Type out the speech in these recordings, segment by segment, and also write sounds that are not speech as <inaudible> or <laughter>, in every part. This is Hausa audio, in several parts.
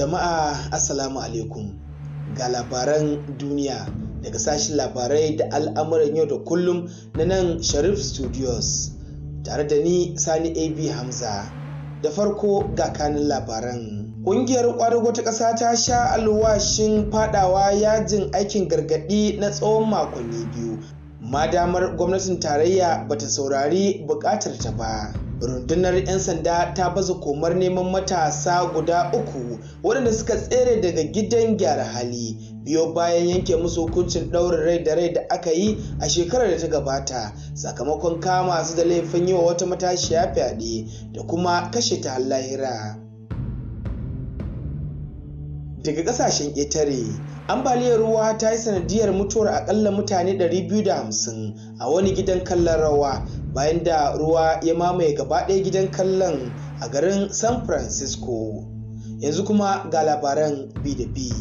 Jama'a Assalamu alaikum ga labaran duniya daga sashen labarai da al'amuran yau da kullum na nan Sharif Studios tare da ni Sani AB Hamza. Da farko ga kanin labaran. Ƙungiyar ƙwadago ta ƙasa ta sha alwashin fadawa yajin aikin gargadi na tsawon makonni biyu. Madamar gwamnatin tarayya bata saurari buƙatar ta ba. rundunar 'yan sanda ta baza komar neman matasa guda uku waɗanda suka tsere daga gidan gyara hali biyo bayan yanke musu hukuncin ɗaurin rai da rai da aka yi a shekarar da ta gabata sakamakon kama su da laifin yi wa wata matashiya fyaɗe da kuma kashe ta lahira. daga ƙasashen ƙetare ambaliyar ruwa ta yi sanadiyar mutuwar akalla mutane 250 a wani gidan kallon rawa bayan da ruwa ya mamaye gaba ɗaya gidan kallon a garin san francisco yanzu kuma ga labaran b da b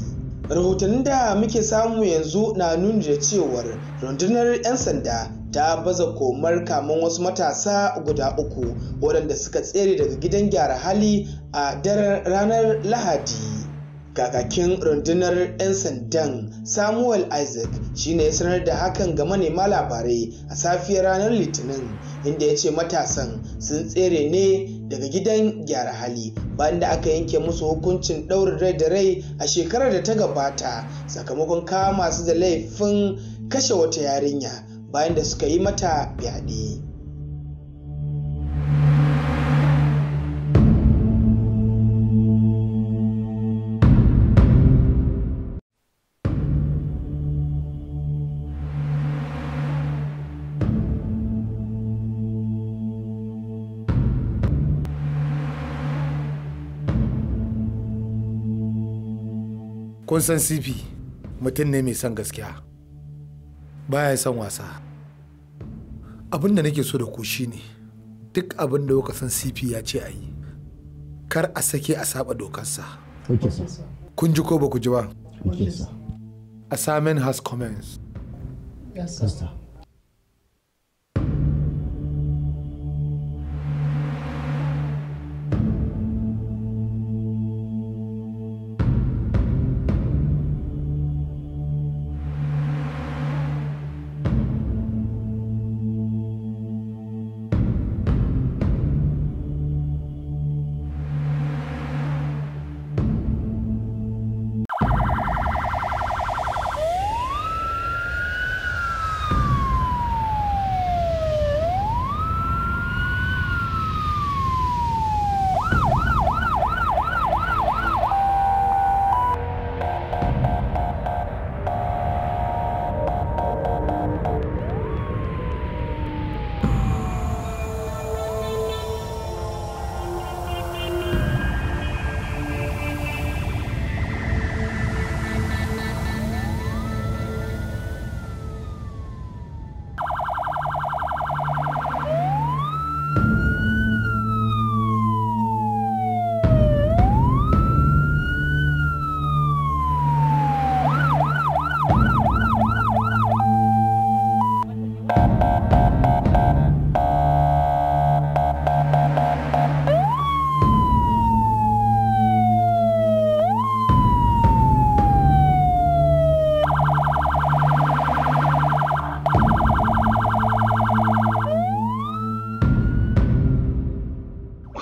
rahotannin da muke samu yanzu na nuni da cewar rundunar 'yan sanda ta baza komar kamar wasu matasa guda uku waɗanda suka tsere daga gidan gyara hali a daren ranar lahadi kakakin rundunar 'yan sandan samuel isaac shine ya sanar da hakan ga manema labarai a safiyar ranar litinin inda ya ce matasan sun tsere ne daga gidan gyara hali bayan da aka yanke musu hukuncin ɗaurin rai da rai a shekarar da ta gabata sakamakon kama su da laifin kashe wata yarinya bayan da suka yi mata fyaɗe. kun san cp mutum ne mai son gaskiya baya son wasa abin da nake so da ku shi ne. duk abin da kuka san cp ya ce a yi kar a sake a saba dokarsa kun ji ko ba ku ji ba assignment has commenced yes, sir.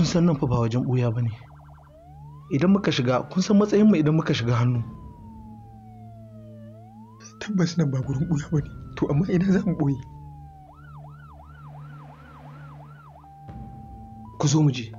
san nan fa ba wajen ɓuya ba ne idan muka shiga kun san matsayinmu idan muka shiga hannu tabbas nan ba gurin ɓuya ba ne to amma idan za mu ɓoye ku zo mu je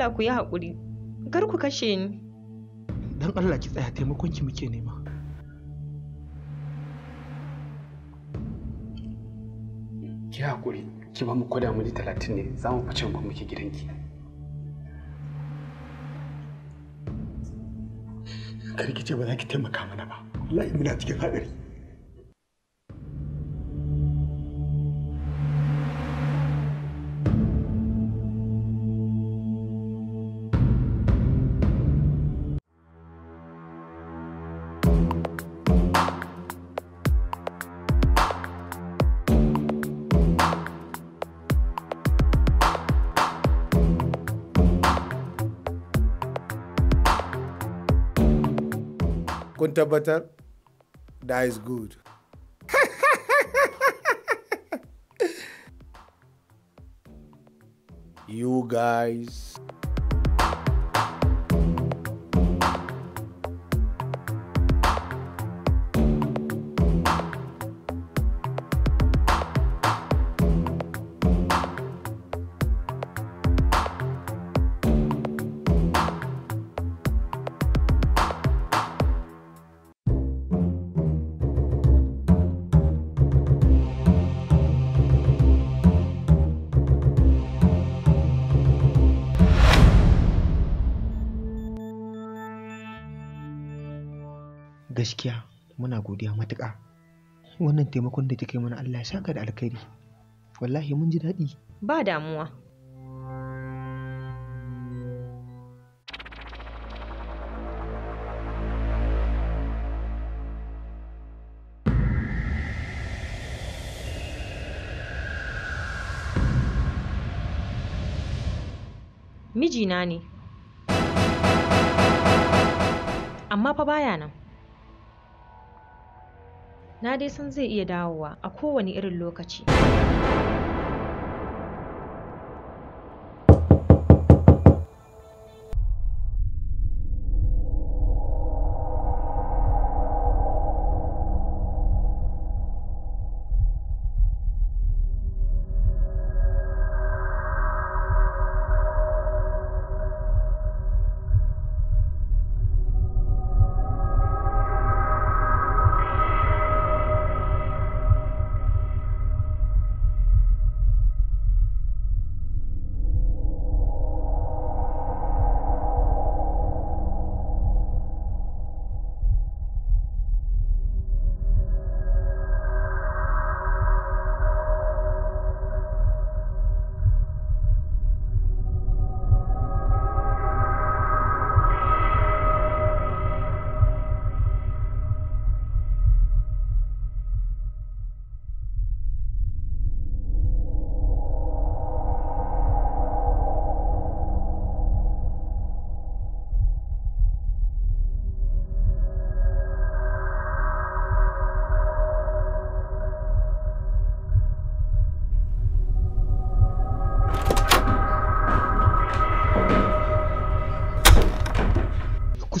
Allah ku yi haƙuri kar ku kashe ni dan Allah ki tsaya taimakon ki muke nema ki haƙuri ki ba mu kwada mu talatin ne za mu fice mu muke gidanki kar ki ce ba za ki taimaka mana ba wallahi muna cikin haɗari kun tabbatar that is good <laughs> you guys gaskiya muna godiya matuƙa wannan taimakon da kika mana Allah ya saka da alkhairi wallahi mun ji daɗi ba damuwa mijina ne amma fa baya nan Na dai san zai iya dawowa a kowane irin lokaci.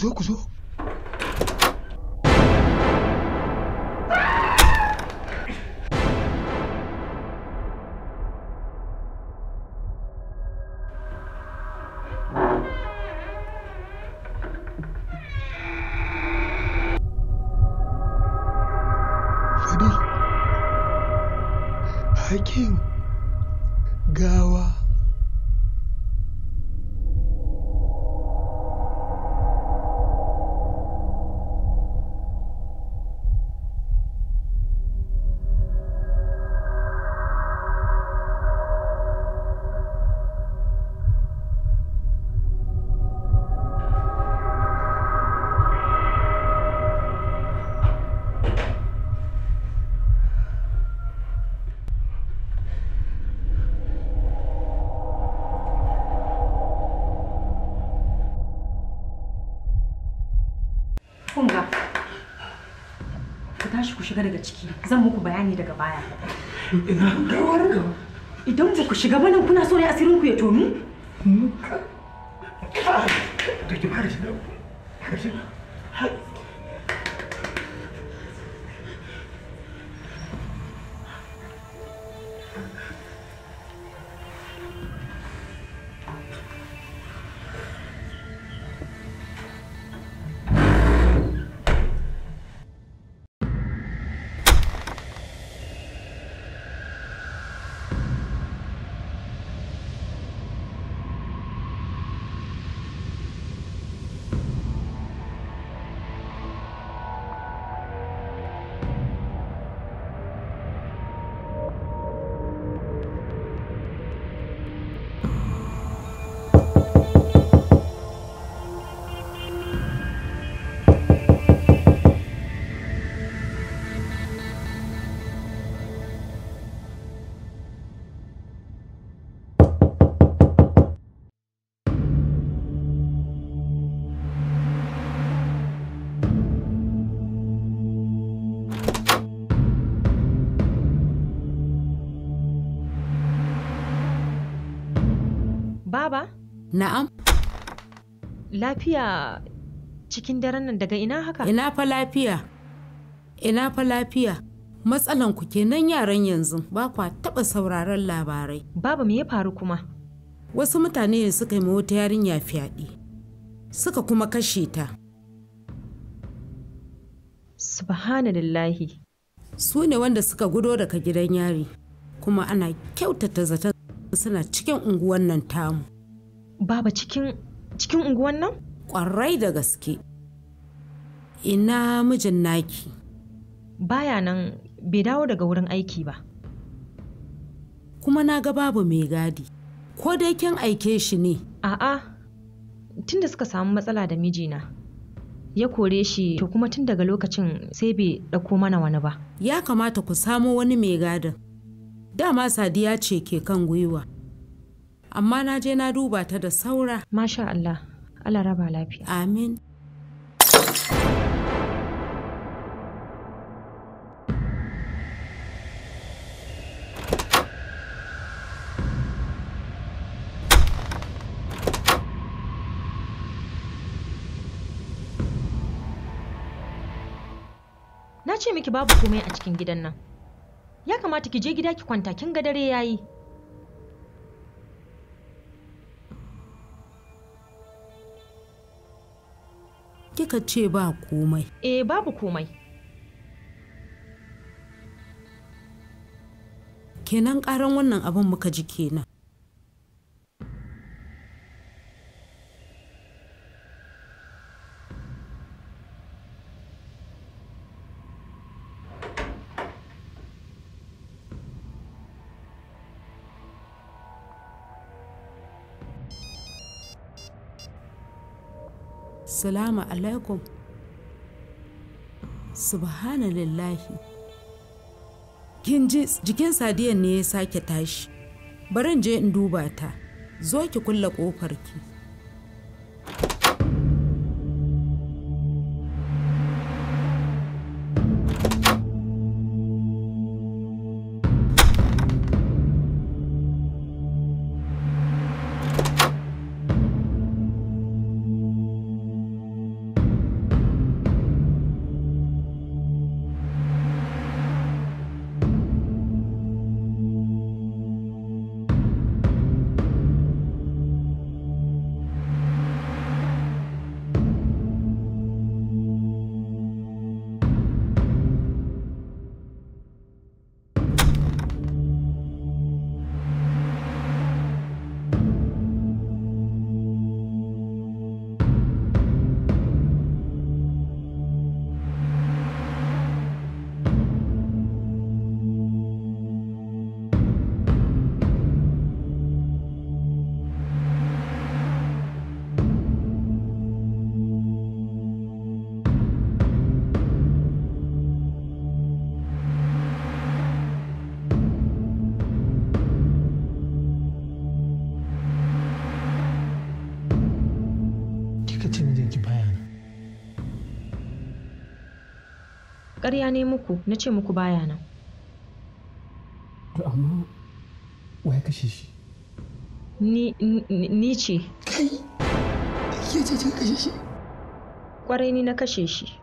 こそこそ shiga daga ciki zan muku bayani daga baya ina idan ba ku shiga ba kuna so ne asirin ku ya tonu da ki fara shi da ku Na'am. Lafiya cikin daren nan daga ina haka? Ina fa lafiya. Ina fa lafiya. Matsalan ku kenan yaran yanzu ba kwa taɓa sauraron labarai. Baba me ya faru kuma? Wasu mutane ne suka yi wata yarinya fyaɗe. Suka kuma kashe ta. Subhanallahi. Su ne wanda suka gudo daga gidan yari. Kuma ana kyautata zaton suna cikin unguwan nan tamu. baba cikin cikin unguwan nan? Ƙwarai da gaske. Ina mijin naki. Baya nan bai dawo daga wurin aiki ba. Kuma na ga babu mai gadi. Ko dai kin aike shi ne? A'a, tunda suka samu matsala da mijina. Ya kore shi to kuma tun daga lokacin sai bai ɗauko mana wani ba. Ya kamata ku samo wani mai gadin. Dama sadiya ce ke kan gwiwa. amma na je na duba ta da saura masha Allah Allah raba lafiya amin Na ce miki babu komai a cikin gidan nan. Ya kamata ki je gida ki kwanta kin ga dare yayi. kika ce ba komai. Eh babu komai. Kenan karan wannan abin muka ji kenan. Assalamu alaikum. Subhanallahi. Kin ji jikin sadiyan ne ya sake tashi. Barin je in duba ta. Zo ki kulle ƙofar ki. kika ce mijinki baya nan ƙarya ne muku na ce muku baya nan to amma wa ya kashe shi ni ni ce kai ke ce kin kashe shi kwarai ni na kashe shi